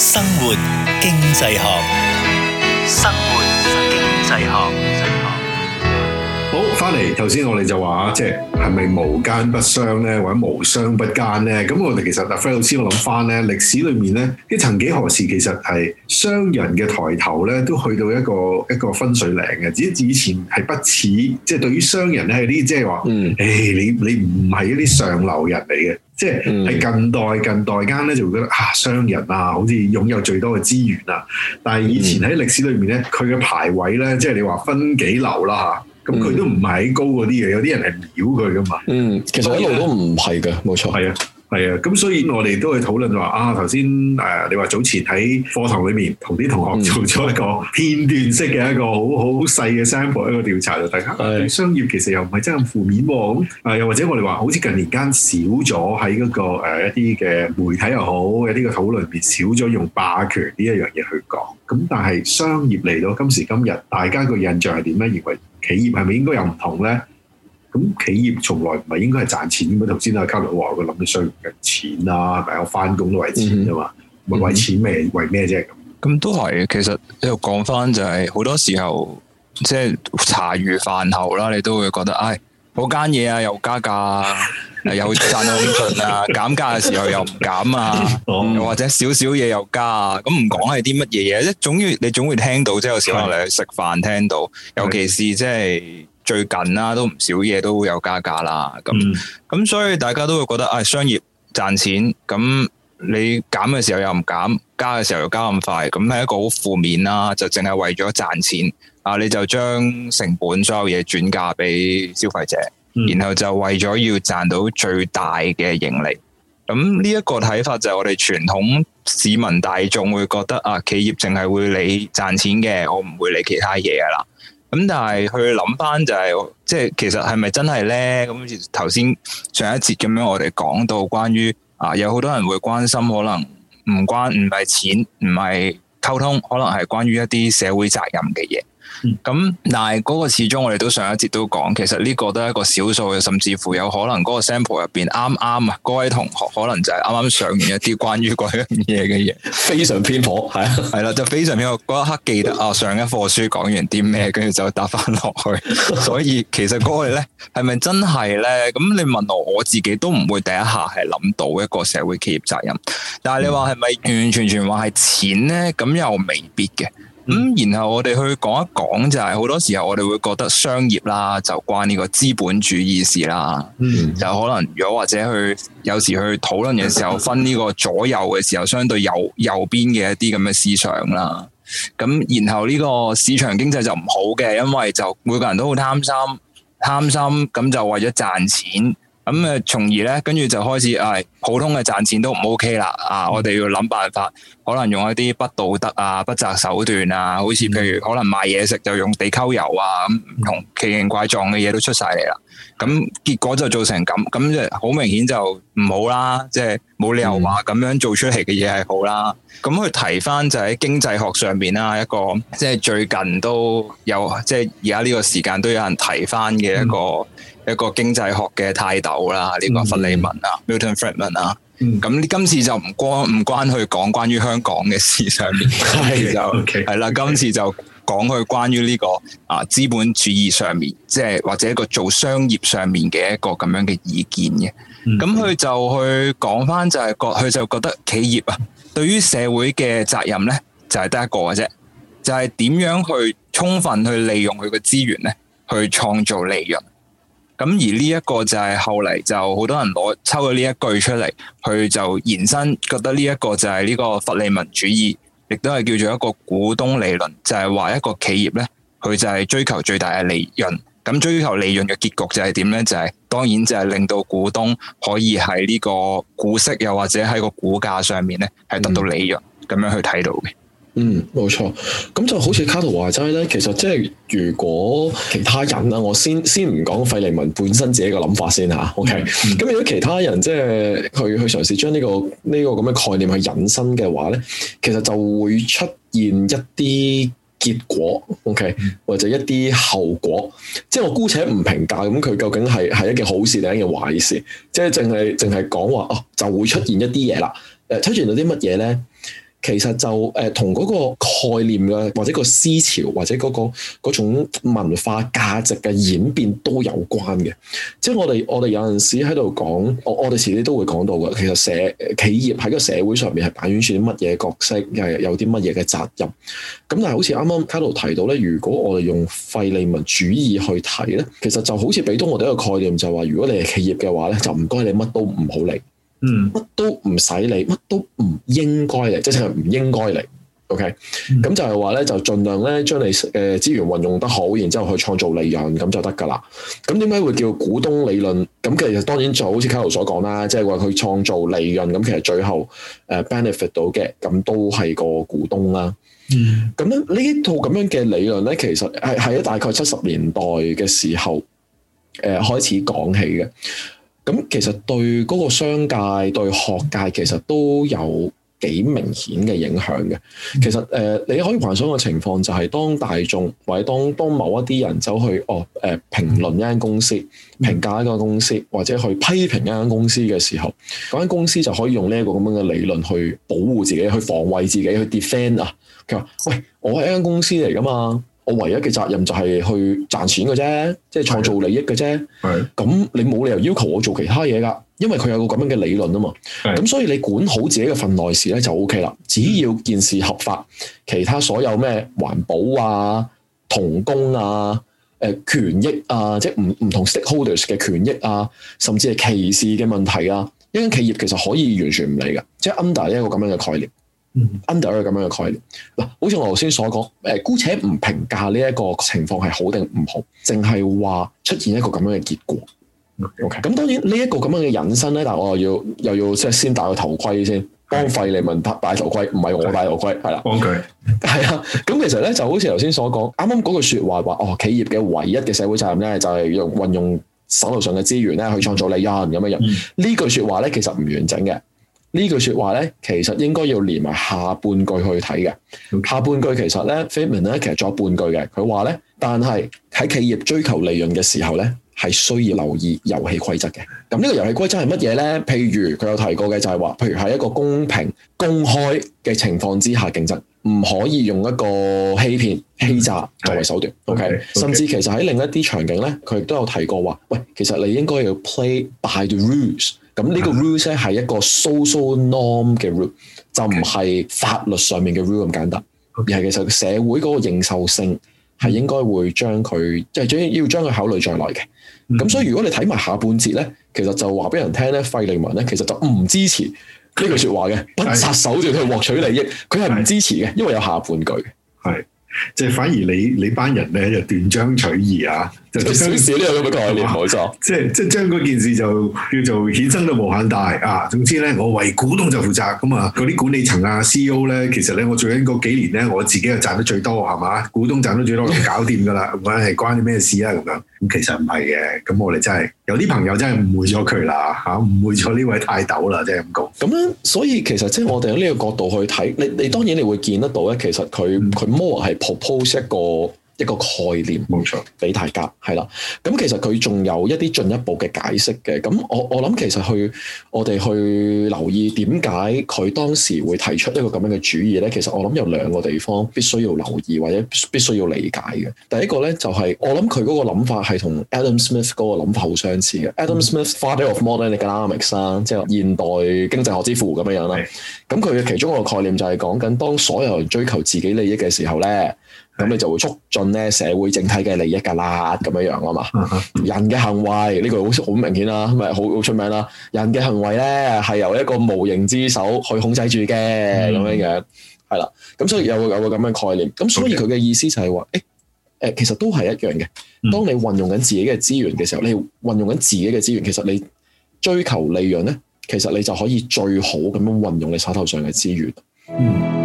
生活經濟學，生活經濟學，好翻嚟。頭先我哋就話，即係係咪無奸不商咧，或者無商不奸咧？咁我哋其實阿 f 老師，我諗翻咧，歷史裏面咧，啲曾幾何時其實係商人嘅抬頭咧，都去到一個一個分水嶺嘅。至以前係不似，即係對於商人咧嗰啲，即係話，嗯，誒、哎，你你唔係一啲上流人嚟嘅。即係喺近代近代間咧，就會覺得嚇啊、商人啊，好似擁有最多嘅資源啊。但係以前喺歷史裏面咧，佢嘅排位咧，即係你話分幾流啦嚇，咁佢都唔係喺高嗰啲嘅，有啲人係藐佢㗎嘛。嗯，其實一路都唔係嘅，啊、冇錯。係啊。係啊，咁所以我哋都係討論就話啊，頭先誒你話早前喺課堂裏面同啲同學做咗一個片段式嘅一個好好、嗯、細嘅 sample、嗯、一個調查就，大家的商業其實又唔係真係負面喎，啊又或者我哋話好似近年間少咗喺嗰個、呃、一啲嘅媒體又好，有啲嘅討論入面少咗用霸權呢一樣嘢去講，咁但係商業嚟到今時今日，大家個印象係點咧？認為企業係咪應該有唔同咧？咁企業從來唔係應該係賺錢嘅咩？頭先啊，卡羅話佢諗啲商業嘅錢啊。係咪？我翻工都為錢啫嘛，唔係為錢咩？為咩啫？咁都係，其實一路講翻就係好多時候，即係茶餘飯後啦，你都會覺得，唉，嗰間嘢啊又加價又賺到唔盡啊，減價嘅時候又唔減啊，又或者少少嘢又加啊，咁唔講係啲乜嘢嘢，即總要你總會聽到，即係有時可能你去食飯聽到，尤其是即係。最近啦，都唔少嘢都有加價啦，咁咁、嗯、所以大家都會覺得啊，商業賺錢，咁你減嘅時候又唔減，加嘅時候又加咁快，咁係一個好負面啦，就淨係為咗賺錢啊，你就將成本所有嘢轉嫁俾消費者，嗯、然後就為咗要賺到最大嘅盈利，咁呢一個睇法就係我哋傳統市民大眾會覺得啊，企業淨係會理賺錢嘅，我唔會理其他嘢噶啦。咁但係去諗翻就係，即係其實係咪真係咧？咁好似頭先上一節咁樣，我哋講到關於啊，有好多人會關心，可能唔關唔係錢，唔係溝通，可能係關於一啲社會責任嘅嘢。咁，但係嗰個始終我哋都上一節都講，其實呢個都係一個少數嘅，甚至乎有可能嗰個 sample 入邊啱啱啊，嗰位同學可能就係啱啱上完一啲關於嗰樣嘢嘅嘢， 非常偏頗，係啊，係啦，就非常偏頗，嗰一刻記得啊，上一課書講完啲咩，跟住就答翻落去，所以其實嗰個咧，係咪真係咧？咁你問我，我自己都唔會第一下係諗到一個社會企業責任，但係你話係咪完完全全話係錢咧？咁又未必嘅。咁、嗯，然後我哋去講一講、就係，就係好多時候我哋會覺得商業啦，就關呢個資本主義事啦。嗯，就可能如果或者去有時去討論嘅時候，分呢個左右嘅時候，相對右右邊嘅一啲咁嘅思想啦。咁，然後呢個市場經濟就唔好嘅，因為就每個人都好貪心，貪心咁就為咗賺錢，咁誒，從而呢，跟住就開始誒。哎普通嘅賺錢都唔 OK 啦，嗯、啊！我哋要諗辦法，可能用一啲不道德啊、不擇手段啊，好似譬如可能賣嘢食就用地溝油啊咁，唔、嗯、同奇形怪狀嘅嘢都出晒嚟啦。咁、嗯、結果就做成咁，咁就好明顯就唔好啦，即係冇理由話咁樣做出嚟嘅嘢係好啦。咁佢、嗯、提翻就喺經濟學上面啦，一個即係最近都有，即係而家呢個時間都有人提翻嘅一個、嗯、一個經濟學嘅泰斗啦，呢、呢個佛利民、嗯、啊，Milton Friedman。啦，咁今、嗯、次就唔關唔關佢去講關於香港嘅事上面， 就係啦。今 次就講佢關於呢、這個啊資本主義上面，即係或者一個做商業上面嘅一個咁樣嘅意見嘅。咁佢、嗯、就去講翻、就是，就係覺佢就覺得企業啊，對於社會嘅責任咧，就係得一個嘅啫，就係、是、點樣去充分去利用佢嘅資源咧，去創造利潤。咁而呢一個就係後嚟就好多人攞抽咗呢一句出嚟，佢就延伸覺得呢一個就係呢個佛利民主義，亦都係叫做一個股東理論，就係、是，話一個企業咧，佢就係追求最大嘅利潤，咁追求利潤嘅結局就係點咧？就係、是，當然就係令到股東可以喺呢個股息，又或者喺個股價上面咧，係得到利潤咁、嗯、樣去睇到嘅。嗯，冇錯，咁就好似卡圖話齋咧，其實即係如果其他人啦，我先先唔講佛利民本身自己個諗法先吓，OK？咁、嗯、如果其他人即、就、係、是、去去嘗試將呢個呢、這個咁嘅概念去引申嘅話咧，其實就會出現一啲結果，OK？、嗯、或者一啲後果，即係我姑且唔評價，咁佢究竟係係一件好事定一件壞事？即係淨係淨係講話哦，就會出現一啲嘢啦。誒，出現咗啲乜嘢咧？其實就誒同嗰個概念嘅，或者個思潮，或者嗰、嗰個種文化價值嘅演變都有關嘅。即係我哋我哋有陣時喺度講，我時講我哋遲啲都會講到嘅。其實社企業喺個社會上面係扮演住啲乜嘢角色，又係有啲乜嘢嘅責任。咁但係好似啱啱卡路提到咧，如果我哋用佛利民主義去睇咧，其實就好似俾到我哋一個概念，就話、係、如果你係企業嘅話咧，就唔該你乜都唔好理。Okay? 嗯，乜都唔使理，乜都唔應該嚟，即係唔應該嚟。OK，咁就係話咧，就盡量咧將你誒資源運用得好，然之後去創造利潤，咁就得噶啦。咁點解會叫股東理論？咁其實當然就好似卡頭所講啦，即係話佢創造利潤，咁其實最後誒 benefit 到嘅，咁都係個股東啦。嗯，咁樣呢套咁樣嘅理論咧，其實係喺大概七十年代嘅時候誒、呃、開始講起嘅。咁其實對嗰個商界對學界其實都有幾明顯嘅影響嘅。其實誒、呃，你可以幻想一個情況，就係當大眾或者當當某一啲人走去哦誒、呃、評論一間公司、評價一間公司，或者去批評一間公司嘅時候，嗰間公司就可以用呢一個咁樣嘅理論去保護自己、去防衛自己、去 defend 啊。佢話：喂，我係一間公司嚟㗎嘛。我唯一嘅責任就係去賺錢嘅啫，即係創造利益嘅啫。咁的你冇理由要求我做其他嘢噶，因為佢有個咁樣嘅理論啊嘛。咁的所以你管好自己嘅份內事咧就 OK 啦。只要件事合法，其他所有咩環保啊、童工啊、誒、呃、權益啊，即係唔唔同 stakeholders 嘅權益啊，甚至係歧視嘅問題啊，呢間企業其實可以完全唔理嘅，即係 under 呢個咁樣嘅概念。under 嘅咁樣嘅概念嗱，好似我頭先所講，誒，姑且唔評價呢一個情況係好定唔好，淨係話出現一個咁樣嘅結果。O K，咁當然呢一個咁樣嘅引申咧，但係我又要又要即係先戴個頭盔先，幫佛利民戴頭盔，唔係我戴頭盔，係啦，幫佢，係啊。咁其實咧就好似頭先所講，啱啱嗰句說話話，哦，企業嘅唯一嘅社會責任咧就係用運用手頭上嘅資源咧去創造利潤咁樣樣。呢、嗯、句說話咧其實唔完整嘅。句呢句説話咧，其實應該要連埋下半句去睇嘅。Okay. 下半句其實咧，Friedman 咧其實仲有半句嘅。佢話咧，但係喺企業追求利潤嘅時候咧，係需要留意遊戲規則嘅。咁呢個遊戲規則係乜嘢咧？譬如佢有提過嘅就係話，譬如喺一個公平公開嘅情況之下競爭，唔可以用一個欺騙欺詐作為手段。OK，, okay. 甚至其實喺另一啲場景咧，佢亦都有提過話，喂，其實你應該要 play by the rules。咁呢個 rule 咧係一個 social norm 嘅 rule、嗯、就唔係法律上面嘅 rule 咁簡單，嗯、而係其實社會嗰個認受性係應該會將佢即係要要將佢考慮在內嘅。咁、嗯、所以如果你睇埋下半節咧，其實就話俾人聽咧，佛利民咧其實就唔支持呢句説話嘅，嗯、不殺手就去獲取利益，佢係唔支持嘅，嗯、因為有下半句。係、嗯，即係、就係、反而你你班人咧就斷章取義啊！就將少啲咁嘅概念係吧？冇錯，即係即係將嗰件事就叫做衍生到無限大啊！總之咧，我為股東就負責咁啊！嗰啲管理層啊、CEO 咧，其實咧，我最近嗰幾年咧，我自己又賺得最多係嘛？股東賺得最多，搞掂㗎啦，唔係、嗯、關你咩事啊？咁樣咁其實唔係嘅，咁我哋真係有啲朋友真係誤會咗佢啦嚇，誤會咗呢位泰斗啦，真係咁講。咁樣所以其實即係我哋喺呢個角度去睇，你你當然你會見得到咧。其實佢佢 more 係 propose 一個。一個概念，冇錯，俾大家係啦。咁其實佢仲有一啲進一步嘅解釋嘅。咁我我諗其實去我哋去留意點解佢當時會提出一個咁樣嘅主意咧？其實我諗有兩個地方必須要留意或者必須要理解嘅。第一個咧就係、是、我諗佢嗰個諗法係同 Adam Smith 嗰個諗法好相似嘅。Adam Smith、嗯、father of modern economics 啦，即係現代經濟學之父咁樣樣啦。咁佢嘅其中一個概念就係講緊當所有人追求自己利益嘅時候咧。咁你就會促進咧社會整體嘅利益噶啦，咁樣樣啊嘛。人嘅行為呢個好好明顯啦，咪好好出名啦。人嘅行為咧係由一個無形之手去控制住嘅，咁、嗯、樣樣係啦。咁所以有個有個咁嘅概念。咁、嗯、所以佢嘅意思就係話，誒誒、呃，其實都係一樣嘅。當你運用緊自己嘅資源嘅時候，嗯、你運用緊自己嘅資源，其實你追求利潤咧，其實你就可以最好咁樣運用你手頭上嘅資源。嗯